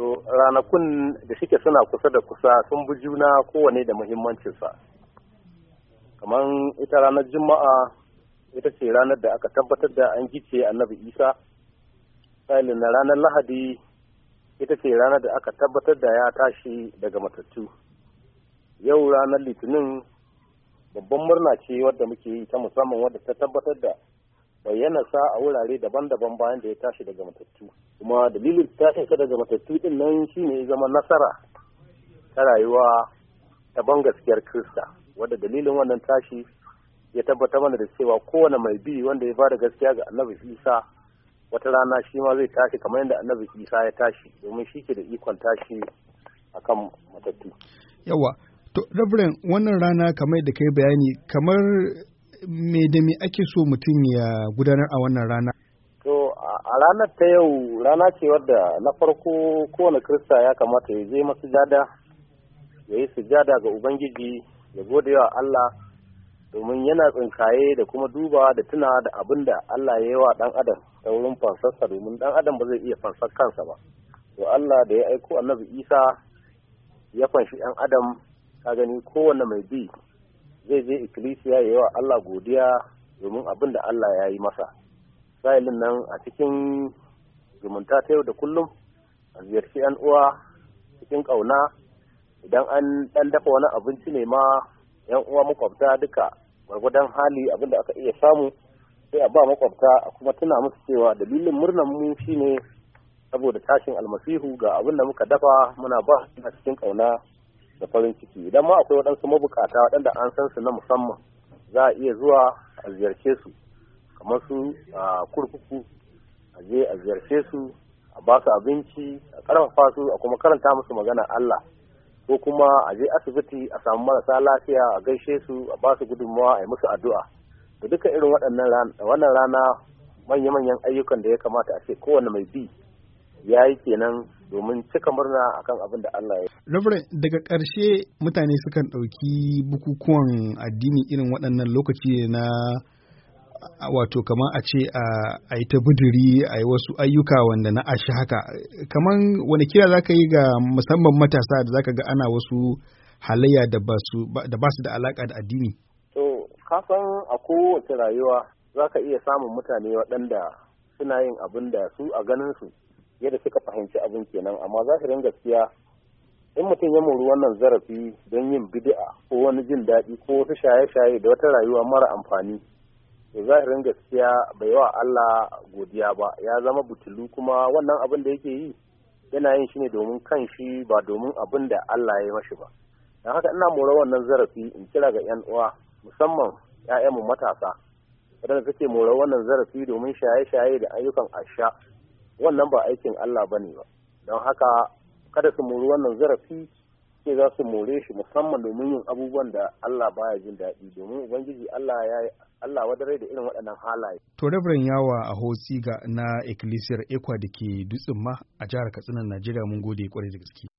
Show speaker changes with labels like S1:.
S1: to ranakun da suke suna kusa da kusa sun bi juna kowane da muhimmancinsa kamar ita ranar juma'a ita ce ranar da aka tabbatar da an gice annabi isa sa'ilin na ranar lahadi ita ce ranar da aka tabbatar da ya tashi daga matattu yau ranar litinin babban murna ce wadda muke yi ta musamman wadda ta tabbatar da sa a wurare daban-daban bayan da ya tashi daga matattu kuma dalilin tashinsa daga matattu din nan shine ya zama nasara ta rayuwa ta ban gaskiyar kirista wadda dalilin wannan tashi ya tabbata mana da cewa kowane mai bi wanda ya bada gaskiya ga annabi isa wata rana shi ma zai tashi kamar yadda annabi isa ya tashi domin shi ke da ikon tashi akan matattu
S2: yawa to reverend wannan rana kamar da kai bayani kamar me da me ake so mutum ya gudanar a wannan rana?
S1: To a ranar ta yau rana ce wadda na farko kowane Kirista ya kamata ya je masu jada ya yi sujada ga Ubangiji ya gode wa Allah domin yana tsinkaye da kuma duba da tuna da abin da Allah ya yi wa ɗan adam ta wurin fansarsa domin ɗan adam ba zai iya fansar kansa ba. To Allah da ya aiko annabi Isa ya fanshi ɗan adam ka gani kowane mai bi zai je ikkilisiya ya yi wa Allah godiya domin abin da Allah ya yi masa sa'ilin nan a cikin zumunta ta yau da kullum a ziyarci yan uwa cikin ƙauna idan an ɗan dafa wani abinci ne ma yan uwa makwabta duka gwargwadon hali abin da aka iya samu sai a ba makwabta a kuma tuna musu cewa dalilin murnar mu shine saboda tashin almasihu ga abin da muka dafa muna ba a cikin ƙauna da farin ciki idan ma akwai waɗansu mabukata waɗanda an san su na musamman za a iya zuwa a ziyarce su kamar su a kurkuku a je a ziyarce su a ba su abinci a ƙarfafa su a kuma karanta musu magana Allah ko kuma a je asibiti a samu marasa lafiya a gaishe su a ba su gudunmawa a yi musu addu'a da duka irin waɗannan wannan rana manya-manyan ayyukan da ya kamata a ce kowane mai bi ya yi kenan domin cika murna akan abin da Allah ya
S2: Reverend daga ƙarshe mutane sukan ɗauki bukukuwan addini irin waɗannan lokaci na wato kamar a ce a yi ta buduri a yi wasu ayyuka wanda na ashi haka kamar wani kira za ka yi ga musamman matasa da za ka ga ana wasu halayya da ba su da alaƙa da addini
S1: to kasan a kowace rayuwa za ka iya samun mutane waɗanda suna yin abin da su a ganin su yadda suka fahimci abin kenan amma zahirin gaskiya in mutum ya mori wannan zarafi don yin bidi'a ko wani jin daɗi ko wata shaye-shaye da wata rayuwa mara amfani to zahirin gaskiya bai wa Allah godiya ba ya zama butulu kuma wannan abin da yake yi yana yin shi ne domin kan shi ba domin abin da Allah ya yi mashi ba don haka ina mora wannan zarafi in kira ga 'yan uwa musamman 'ya'yanmu matasa waɗanda suke mora wannan zarafi domin shaye-shaye da ayyukan asha wannan ba aikin Allah ba ne ba don haka kada su mori wannan zarafi ke za su more shi musamman domin yin abubuwan da Allah baya jin daɗi domin ubangiji Allah ya Allah wadarai da irin waɗannan
S2: halaye. To Reverend Yawa a Hosiga na Ecclesiar Ekwa da ke Dutsen ma a jihar Katsina Najeriya mun gode kwarai da gaske.